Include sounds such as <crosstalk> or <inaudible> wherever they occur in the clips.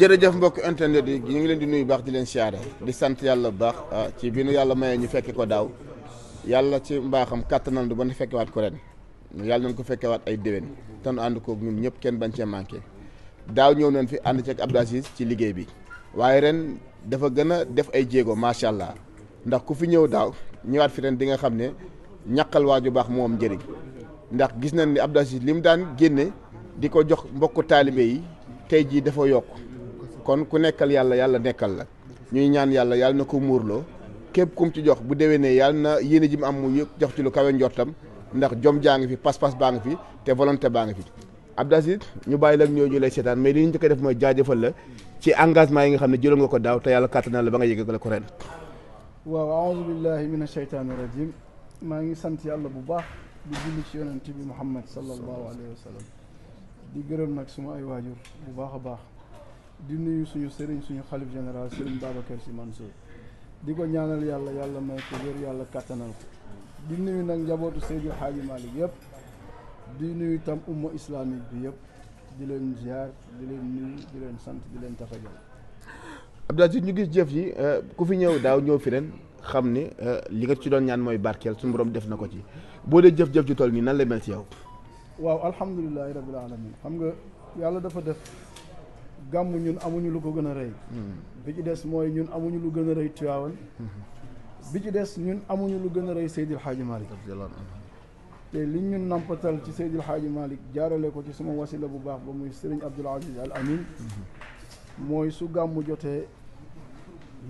jërëjëf mbokk internet yi ñu ngi leen di nuyu baax di leen siyaare di sant yàlla bu baax ah, ci bi nu yàlla mayee ñu fekke ko daaw yàlla ci mbaaxam kàttanam du ba nu fekkewaat ko ren yàlla nañ ko fekkewaat ay déwén te nu ànd koog ñun ñëpp kenn bañ cee manqué daaw ñëw nan fi ànd ceeg Abdou Aziz ci liggéey bi waaye ren dafa gën a def ay jéego macha allah ndax ku fi ñëw daaw ñëwaat fi ren di nga xam ne ñaqal waaju baax moom njëriñ ndax gis nañ ni Abdou Aziz li mu daan génne di ko jox mbokku taalibe yi tey jii dafa yokk kon ku nekkal yàlla yàlla nekkal la ñuy ñaan yàlla yàlla na ko muurloo képp kum ci jox bu déwénee yàlla na yéene ji mu am mu jox ci lu kawe njottam ndax jom jaa ngi fi pas-pas baa ngi fi te volonté baa ngi fi Abdou Aziz ñu bàyyi la ak ñu lay seetaan mais li ñu njëkk a def mooy jaajëfal la ci engagement yi nga xam ne jëloon nga ko daaw te yàlla kàttanal la ba nga yëgal ko ren waaw aouzu billahi min asheytaani rajim maa ngi sant yàlla bu baax di julli ci yonent bi Muhammad sallallahu alayhi wa sallam di gërëm nag suma ay waajur bu baax a baax di nuyu suñu sëriñ suñu xalif général sëriñ Babacar Sy Mansour di ko ñaanal yàlla yàlla may ko wér yàlla kattanal ko di nuyu nag njabootu Seydi Hadji Malick yëpp di nuyu tam umma islamique bi yëpp di leen ziar di leen nuyu di leen sant di leen tafajal Abdou ñu gis jëf yi euh, ku fi ñëw daaw ñëw fi ren xam ne euh, li nga ci doon ñaan mooy barkeel suñu borom def na ko ci boo dee jëf-jëf ju toll nii nan lay mel ci yow waaw alhamdulilahi rabbil alamin xam nga gàmm ñun amuñu lu ko gën a rëy hmm. bi ci des mooy ñun amuñu lu gën a rëy Tiwaawan hmm. bi ci des ñun amuñu lu gën a rëy Seydil Hadji Malick te li ñu nampatal ci Seydil Hadji Malick jaarale ko ci suma wasila bu baax ba muy Sëriñ Abdoul Aziz Al Amin hmm. mooy su gàmm jotee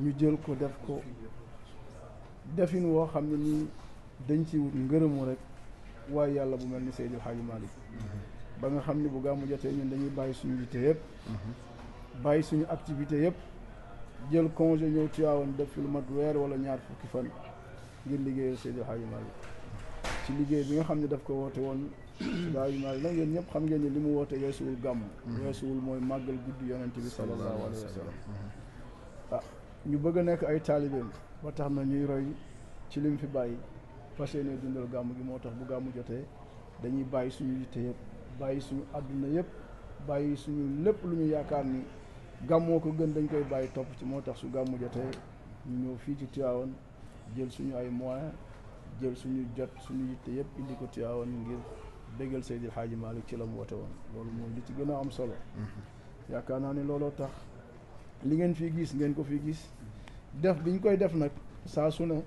ñu jël ko def ko defin woo xam ne nii dañ ci wut ngërëmu rek waaye yàlla bu mel ni Seydil Hadji Malick ba nga xam ne bu gàmmu jotee ñun dañuy bàyyi suñu yitte yëpp bàyyi suñu activité yëpp jël congé ñëw Tiwaawan def fi lu mat weer wala ñaar fukki fan ngir liggéeyal Seydi Hadji Malick ci liggéey bi nga xam ne daf ko woote woon Seydi Hadji yi nag yéen ñëpp xam ngeen ne li mu woote weesuwul gàmmu weesuwul mooy màggal guddi yonent bi sallallahu ah ñu bëgg a nekk ay taalibeem ba tax na ñuy roy ci lim fi bàyyi fas yéene dundal gàmm gi moo tax bu gàmmu jotee dañuy bàyyi suñu yitte bàyyi suñu àdduna yëpp bàyyi suñu lépp lu ñu yaakaar ni gàmmoo ko gën dañ koy bàyyi topp ci moo tax su gàmmu jotee ñu ñëw fii ci Tivaouane jël suñu ay moyens jël suñu jot suñu yitte yëpp indi ko Tivaouane ngir déggal Seydil Hadji Malick ci la mu woote woon loolu moom li ci gën a am solo yaakaar naa ne looloo tax li ngeen fii gis ngeen ko fii gis def bi ñu koy def nag saa su ne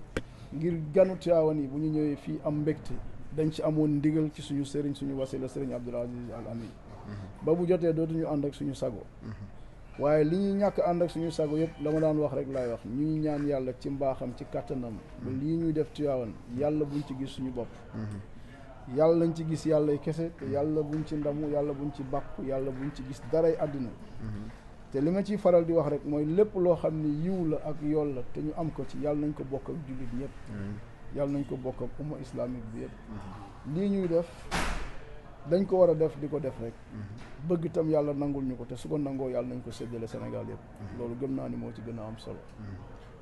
ngir ganu Tivaouane yi bu ñu ñëwee fii am mbégte dañ ci amoon ndigal ci suñu sëriñ suñu la sëriñ Abdoul Aziz Al Amin mhm. ba bu jotee dootuñu ànd ak suñu sago mhm. waaye li ñuy ñàkk ànd ak suñu sago yëpp la ma daan wax rek laay wax ñuy ñaan yàlla ci mbaaxam ci kàttanam ba mhm. lii ñuy def Tiwaawan yàlla buñ ci gis suñu bopp yàlla nañ ci gis yàllay kese te yàlla buñ ci ndamu yàlla buñ ci bàkku yàlla buñ ci gis daray àddina te li ma ciy faral di wax rek mooy lépp loo xam ne yiw la ak yool la te ñu am ko ci yàlla nañ ko bokk ak jullit ñëpp yàlla nañ ko bokk ak umma bi yëpp mhm. lii ñuy def dañ ko war a def di ko def rek mhm. bëgg itam yàlla nangul ñu ko te su ko nangoo yàlla nañ ko séddale Sénégal yëpp mhm. loolu gëm naa ni moo ci gën a am solo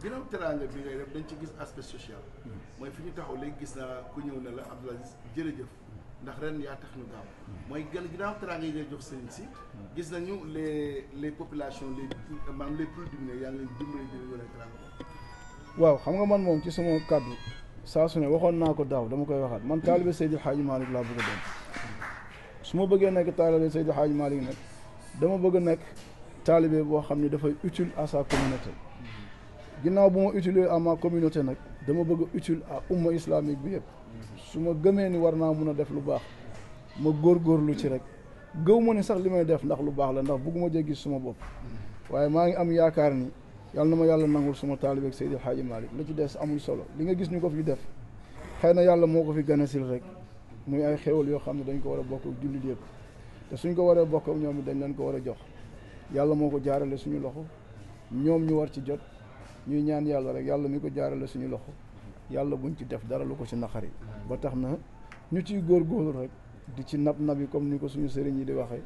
ginnaaw teraanga bi ngay def dañ ci gis aspect social mooy fi ñu taxaw léegi gis naa ku ñëw ne la a Aziz jërëjëf ndax ren yaa tax ñu gaaw mooy gën ginnaaw teraanga yi ngay jox sëriñ si gis nañu les les populations les maanaam les plus démunis yaa ngi leen dimbali di leen teraanga waaw xam nga man moom ci sama kàddu saa su ne waxoon naa ko daaw dama koy waxaat man taalibe Seydil Hadji Malick laa bëgg a doon su ma bëggee nekk taalibe Seydil Hadji Malick nag dama bëgg a nekk taalibe boo xam ne dafay utile à sa communauté ginnaaw bu ma utile ama communauté nag dama bëgg a utile à umma islamique bi yëpp su ma gëmee ni war naa mun a def lu baax ma góor góorgóorlu ci rek gëw ma ne sax li may def ndax lu baax la ndax bëgguma jéggi suma bopp waaye maa ngi am yaakaar ni yàlla ma yàlla nangul suma taalibe ak Seydi Xaaji Maalik lu ci des amul solo li nga gis ñu ko fi def xëy na yàlla moo ko fi ganasil rek muy ay xéwal yoo xam ne dañ ko war a bokk ak jullit te suñ ko waree bokk ak ñoom dañ leen ko war a jox yàlla moo ko jaarale suñu loxo ñoom ñu war ci jot ñuy ñaan yàlla rek yàlla mi ko jaarale suñu loxo yàlla buñ ci def dara lu ko ci naqari ba tax na ñu ciy góor góorgóorlu rek di ci nab nab yi comme ni ko suñu sëriñ yi di waxee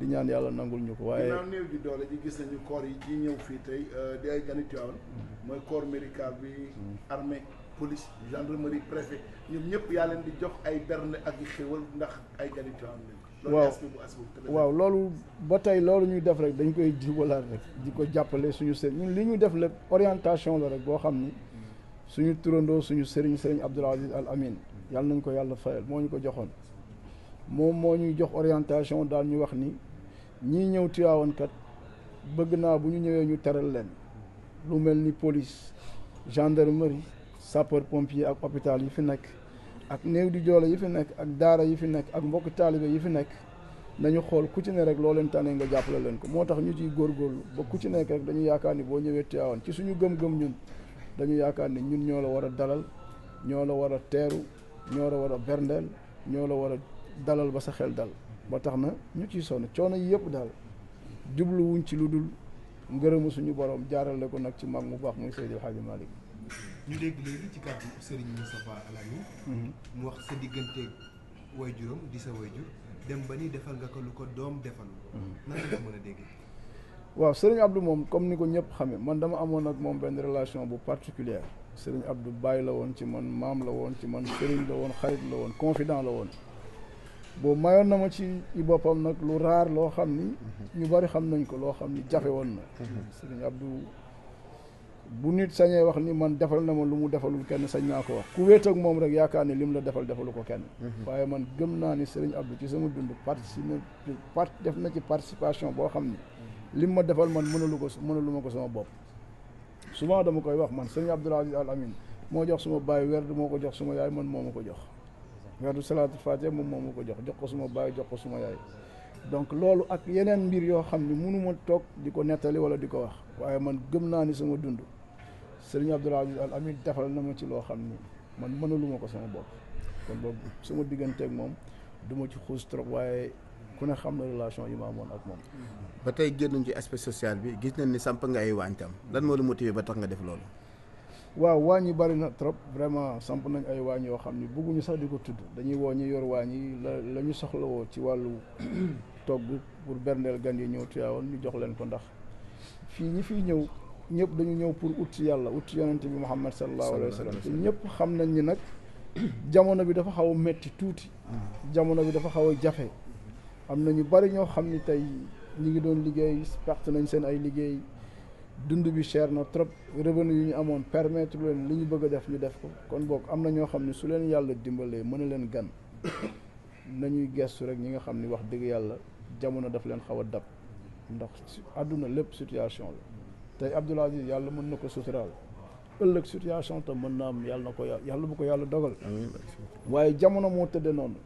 di ñaan yàlla nangul ñu ko waaye ginnaaw doole ji gis nañu koor yi ci ñëw fii tey euh, di ay gani Tiwaawan mm-hmm. mooy corps médical bi mm-hmm. armée police gendarmerie préfet ñoom ñëpp yaa leen di jox ay berne ak i xéwal ndax ay gani Tiwaawan lañ waaw loolu ba tey loolu ñuy def rek dañ koy jiwalaat rek di ko jàppale suñu sëriñ li ñu def lépp orientation la rek boo xam ni mm-hmm. suñu turandoo suñu sëriñ sëriñ Abdoul Aziz Al Amin yàlla nañ ko yàlla fayal moo ñu ko joxoon moom moo ñuy jox orientation daal ñu wax ni ñii ñëw Tiwaawan kat bëgg naa bu ñu ñëwee ñu teral leen lu mel ni police gendarmerie sapeur pompier ak hôpital yi fi nekk ak néew di joole yi fi nekk ak daara yi fi nekk ak mbokk taalibe yi fi nekk nañu xool ku ci ne rek loo leen tànnee nga jàppale leen ko moo tax ñu ciy góorgóorlu ba ku ci nekk rek dañu yaakaar ni boo ñëwee Tiwaawan ci suñu gëm-gëm ñun dañu yaakaar ni ñun ñoo la war a dalal ñoo la war a teeru ñoo la war a berndeel ñoo la war a dalal ba sa xel dal ba tax na ñu ciy sonn coono yi yëpp daal jubluwuñ ci lu dul ngërëmu suñu borom jaarale ko nag ci mag mu baax muy Seydil Hadji Malick ñu dégg léegi ci kàddu Serigne Moustapha Alami mhm. mu wax sa diggante way juróom di sa way jur dem ba ni defal nga ko lu ko doom defal mhm. nan nga mën a dégg waaw Serigne Abdou moom comme ni ko ñëpp xamee man dama amoon ak moom benn relation bu particulière Serigne Abdou bàyyi la woon ci man maam la woon ci man Serigne la woon xarit la woon confident la woon boobu mayoon na ma ci boppam nag lu raar loo xam ni ñu bari xam nañ ko loo xam ni jafe woon na sëriñ Abdou bu nit sañee wax ni man defal na ma lu mu defalul kenn sañ naa ko wax ku wéet ak moom rek yaakaar ne lim la defal defalu ko kenn waaye man gëm naa ni sëriñ Abdou ci sama dund parti def na ci participation boo xam ni lim ma defal man mënalu ko mënalu ma ko sama bopp souvent dama koy wax man sëriñ Abdoul Aziz Al Amin moo jox suma baay werd moo ko jox suma yaay man moo ma ko jox werdu salaatul fatiha moom moom ma ko jox jox ko suma baay jox ko suma yaay donc loolu ak yeneen mbir yoo xam ne mënuma toog di ko nettali wala di ko wax waaye man gëm naa ni sama dund sëriñ Abdoul Aziz Al Amin defal na ma ci loo xam ni man mënaluma ko sama bopp kon boobu sama digganteeg moom duma ci xuus trop waaye ku ne xam na relation yi ma amoon ak moom. ba tey génnuñ ci aspect social bi gis nañ ni samp nga ay waañ tam lan moo la motivé ba tax nga def loolu. waaw waañ yi bari na trop vraiment samp nañ ay waañ yoo xam ni bëgguñu sax di ko tudd dañuy woo ñu yor waañ yi la la ñu soxlawoo ci wàllu <clears throat> togg pour berndeel gan yi ñëw tuyaawoon ñu jox leen ko ndax fii ñi fiy ñëw ñëpp dañu ñëw pour ut yàlla ut yonente bi Muhammad sallallahu alayhi wa sallam te ñëpp xam nañ ni nag <clears throat> jamono bi dafa xaw a metti tuuti ah. jamono bi dafa xaw a jafe am na ñu bari ñoo xam ni tey ñu ngi doon liggéey perte nañ seen ay liggéey dund bi cher na trop revenu yu ñu amoon permettre leen li ñu bëgg a def ñu def ko kon boog am na ñoo xam ne su leen yàlla dimbalee mën a leen gan nañuy gestu rek ñi nga xam ni wax dëgg yàlla jamono daf leen xaw a dab ndax àdduna lépp situation la tey Abdoul Aziz yàlla mën na ko suturaal ëllëg situation tam mën na am yàlla na ko yàlla bu ko yàlla dogal waaye jamono moo tëdde noonu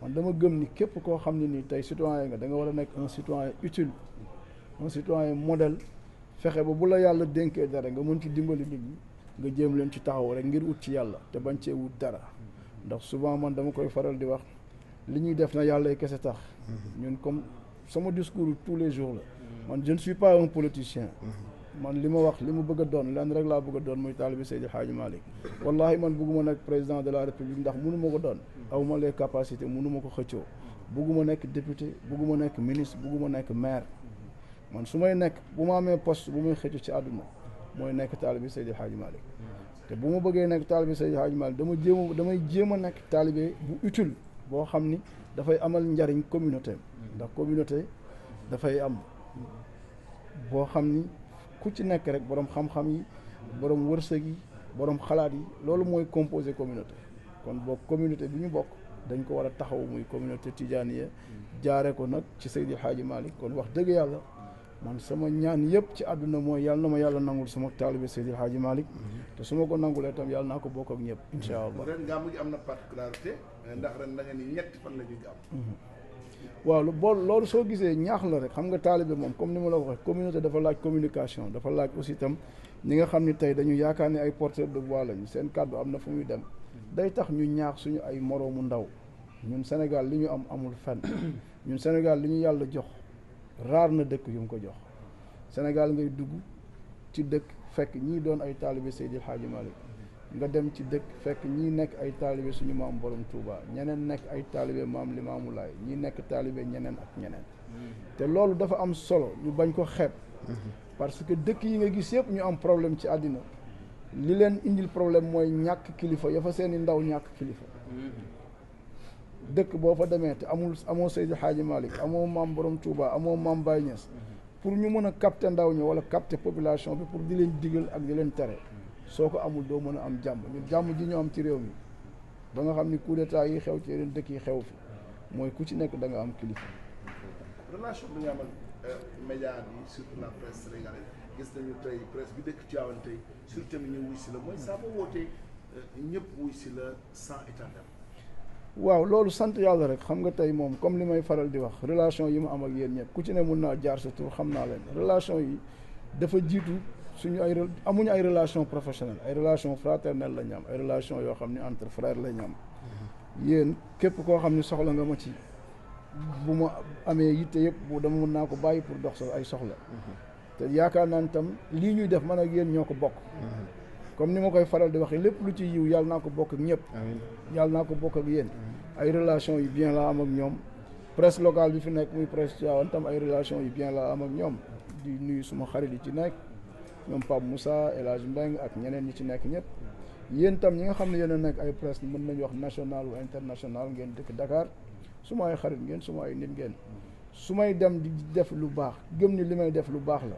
man dama gëm ni képp koo xam ne nii tey citoyen nga da nga war a nekk un citoyen utile un fexe ba bu la yàlla dénkee dara nga mën ci dimbali nit ñi nga jéem leen ci taxaw rek ngir wut ci yàlla te bañ cee wut dara ndax souvent man dama koy faral di wax li ñuy def na yàlla kese tax ñun comme sama discours tous les jours la man je ne suis pas un politicien man li ma wax li ma bëgg doon lenn rek laa bëgg a doon muy taalibi Seydi Hadji Malick wallahi man bëgguma nekk président de la république ndax mënu ma ko doon aw ma les capacités mënu ko xëccoo bëgguma nekk député bëgguma nekk ministre bëgguma nekk maire man su may nekk bu ma amee post bu may xëcc ci àdduna mooy nekk taalibe Seydi Hadji Malick mm-hmm. te bu ma bëggee nekk taalibe Seydi Hadji Malick dama jéem damay jéem a nekk taalibe bu utile boo xam ni dafay amal njariñ communauté mm-hmm. ndax communauté dafay am boo xam ni ku ci nekk rek borom xam-xam yi borom wërsëg yi borom xalaat yi loolu mooy composé communauté kon boo communauté bi ñu bokk dañ ko war a taxaw muy communauté tijaaniya mm-hmm. jaare ko nag ci Seydi Hadji Malick kon wax dëgg yàlla man sama ñaan yëpp ci àdduna mooy yàlla na ma yàlla nangul sama taalibe Seydil Hadji Malick mhm. te su ma ko nangulee tam yàlla naa ko bokk ak ñëpp incha allah ren gàmmu gi am na particularité eh, ndax ren da la ñuy gàmm mhm. waaw bool loolu soo gisee ñaax la rek xam nga taalibe moom comme ni ma la ko waxee communauté dafa laaj communication dafa laaj aussi itam ñi nga xam ni tey dañu yaakaar ni ay porteur de voix lañu seen kàddu am na fu muy dem mhm. day tax ñu ñaax suñu ay moroomu ndaw ñun Sénégal li ñu am amul fenn <coughs> ñun Sénégal li ñu yàlla jox raar na dëkk yu mu ko jox Sénégal ngay dugg ci dëkk fekk ñii doon ay taalibe di Hadji Malick nga dem ci dëkk fekk ñii nekk ay taalibe suñu maam borom Touba ñeneen nekk ay taalibe maam Limaamu Laay ñii nekk taalibe ñeneen ak ñeneen mm-hmm. te loolu dafa am solo ñu bañ ko xeeb mm-hmm. parce que dëkk yi nga gis yëpp ñu am problème ci àddina li leen indil problème mooy ñàkk kilifa ya seeni ndaw ñàkk kilifa mm-hmm. dëkk boo fa demee te amul amoo Seydi Hadji Malick amoo maam Borom Touba amoo maam Baye pour ñu mën a capter ndaw ñi wala capter population bi pour di leen digal ak di leen tere soo ko amul doo mën a am jàmm ñun jàmm ji ñu am ci réew mi ba nga xam ni coup d'état yi xew ci yeneen dëkk yi xew fi mooy ku ci nekk da nga am kilifa. relation bi nga amal euh, média bi surtout la gis nañu tey presse bi dëkk Tivaouane tey surtout tamit ñu wuy si la mooy saa boo wootee euh, ñëpp wuy si la sans étendard. waaw loolu sant yàlla rek xam nga tey moom comme li may faral di wax relation yi mu am ak yéen ñëpp ku ci ne mun naa jaar sa tur xam naa leen relation yi dafa jiitu suñu ay amuñu ay relation professionnel ay relation fraternelle la ñu am ay relation yoo xam ne entre frères la ñu am yéen képp koo xam ne soxla nga ma ci bu ma amee yitte yëpp bu dama mun naa ko bàyyi pour dox sa ay soxla mhm. te yaakaar naa ne tam lii ñuy def man ak yéen ñoo ko bokk mhm. comme ni ma koy faral di waxee lépp lu ci yiw yàlla naa ko bokk ak ñëpp yàlla naa ko bokk ak yéen ay relation yu bien la am ak ñoom presse locale bi fi nekk muy presse Tivaouane tam ay relation yu bien la am ak ñoom di nuyu suma xarit yi ci nekk ñoom Pape musa El Hadj Mbeng ak ñeneen ñi ci nekk ñëpp yéen tam ñi nga xam ne yéen a nekk ay presse mën nañu wax national ou international ngeen dëkk dakaar su ma ay xarit ngeen suma ay nit ngeen su may dem di def lu baax gëm ni li may def lu baax la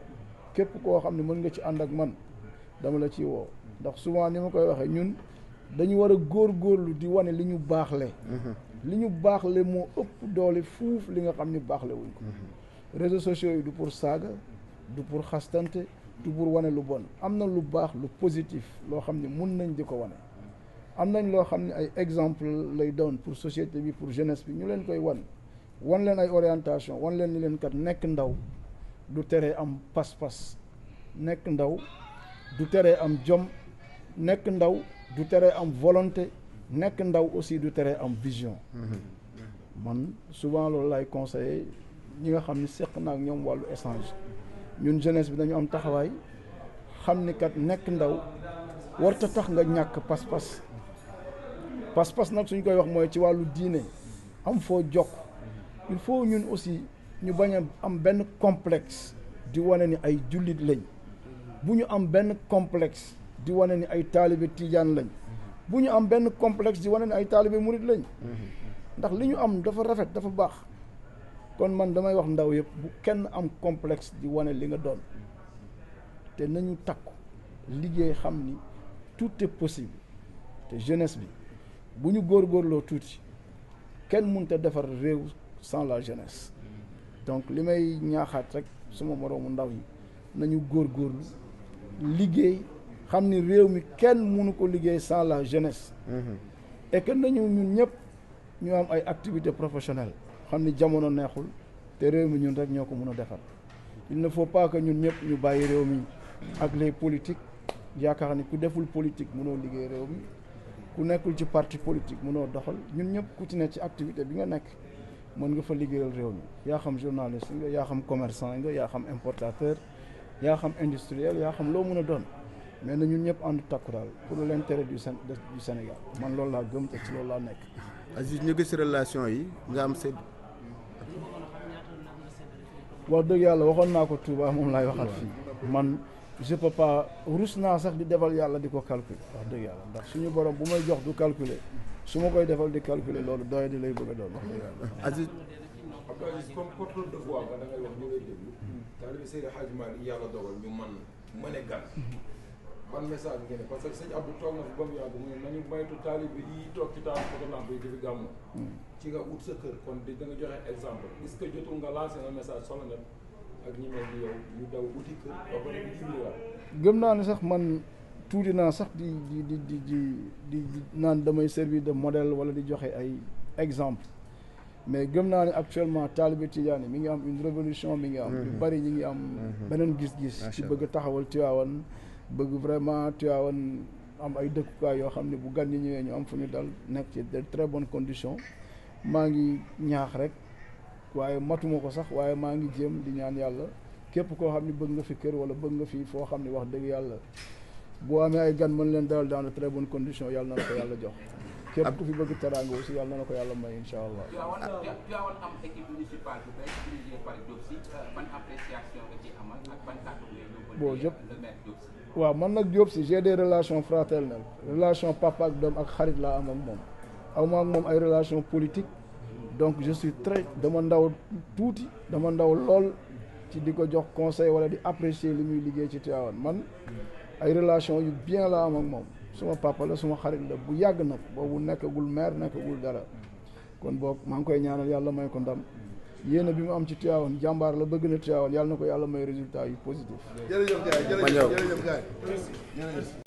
képp koo xam ne mën nga ci ànd ak man dama la ci woo ndax souvent ni ma koy waxee ñun dañu war a góorgóorlu di wane li ñu baaxle mhm. li ñu baaxle moo ëpp doole fuuf li nga xam ni baaxle wuñ ko mhm. réseaux sociaux yi du pour saaga du pour xastante du pour wane lu bon am na lu baax lu positif loo xam ne mun nañ di ko wane am nañ loo xam ne ay exemple lay doon pour société bi pour jeunesse bi ñu leen koy wan wan leen ay orientation wan leen ni leen kat nekk ndaw du teree am pas-pas nekk ndaw du tere am jom nekk ndaw du tere am volonté nekk ndaw aussi du tere am vision mm-hmm. man souvent loolu lay conseiller ñi nga xam ne seq na ak ñoom wàllu échange ñun jeunesse bi dañu am taxawaay xam ni kat nekk ndaw warta tax nga ñàkk pas-pas pas-pas nag suñ koy wax mooy ci wàllu diine am foo jokk il faut ñun aussi ñu bañ a am benn complex di wane ni ay jullit lañ bu ñu am benn complexe di wane ni ay taalibe tijaan lañ mhm. bu ñu am benn complexe di wane ni ay taalibe murit lañ mhm. ndax li ñu am dafa rafet dafa baax kon man damay wax ndaw yëpp bu kenn am complexe di wane li nga doon te nañu takku liggéey xam ni tout est possible te jeunesse bi bu ñu góor góorloo tuuti kenn mun te defar réew sans la jeunesse mhm. donc li may ñaaxaat rek suma moroomu ndaw yi nañu góorgóorlu liggéey xam ni réew mi kenn mënu ko liggéey sans la jeunesse. Mm-hmm. et que nañu ñun ñëpp ñu am ay activités professionnelles xam ni jamono neexul te réew mi ñun rek ñoo ko mën a defar il ne foo pas ñun ñëpp ñu bàyyi réew mi ak les politiques yaakaar ni ku deful politique mënoo liggéey réew mi ku nekkul ci parti politique mënoo doxal ñun ñëpp ku ci ne ci activité bi nga nekk mën nga fa liggéeyal réew mi yaa xam journaliste nga yaa xam commerçant nga yaa xam importateur yaa xam industriel yaa xam loo mën a doon. mais na ñun ñëpp ànd takku daal pour l' intérêt du du Sénégal man loolu laa gëm te ci loolu laa nekk. Aziz ñu gis relation yi nga am seen. wax dëgg yàlla waxoon naa ko Touba moom laay waxal fii man je peux pas rus naa sax di defal yàlla di ko calculer wax dëgg yàlla ndax suñu borom bu may jox du calculer su ma koy defal di calculer loolu doy di lay bëgg a doon wax dëgg yàlla. Aziz. comme porteur ban message ngeen parce que sëñ Abdou toog na fi ba mu yàgg mu ne nañu taal foto lamp yi di fi hmm. ci nga ut sa kër di da joxe exemple est-ce que jotul nga lancé un ak ñi mel ni yow daw uti kër gëm naa ne sax man tuuti naa sax di di di di di di naan damay servir de modèle wala di joxe ay exemple mais gëm naa ni actuellement taalibe yi mi ngi am une révolution mi ngi am. yu hmm. bari ñi ngi am hmm. beneen gis-gis. ci bëgg taxawal Tiwaawan bëgg vraiment Tivaouane am ay dëkkukaay yoo xam ne bu gan ñi ñëwee ñu am fu ñu dal nekk ci de très bonnes conditions maa ngi ñaax rek waaye matuma ko sax waaye maa ngi jéem di ñaan yàlla képp koo xam ne bëgg nga fi kër wala bëgg nga fi foo xam ne wax dëgg yàlla boo amee ay gan mën leen daal dans de bon bonnes conditions yàlla na la ko yàlla jox. képp ku fi bëgg teraanga aussi yàlla na ko yàlla may incha allah. am équipe jëpp waaw man nag Diop si j'ai des relations fraternelles relation papa ak doom ak xarit laa am ak moom aw ma ak moom ay relation politique donc je suis très dama ndaw tuuti dama ndaw lool ci di ko jox conseil wala di apprécier li muy liggéey ci Tivaouane man ay relation yu bien laa am ak moom suma papa la suma xarit la bu yàgg na boobu nekkagul maire nekkagul dara kon boog maa ngi koy ñaanal yàlla may ko ndam yéene bi mu am ci Tivaouane jàmbaar la bëgg na Tivaouane yàlla na ko yàlla may résultat yu positif. jërëjëf gaay jërëjëf jërëjëf gaay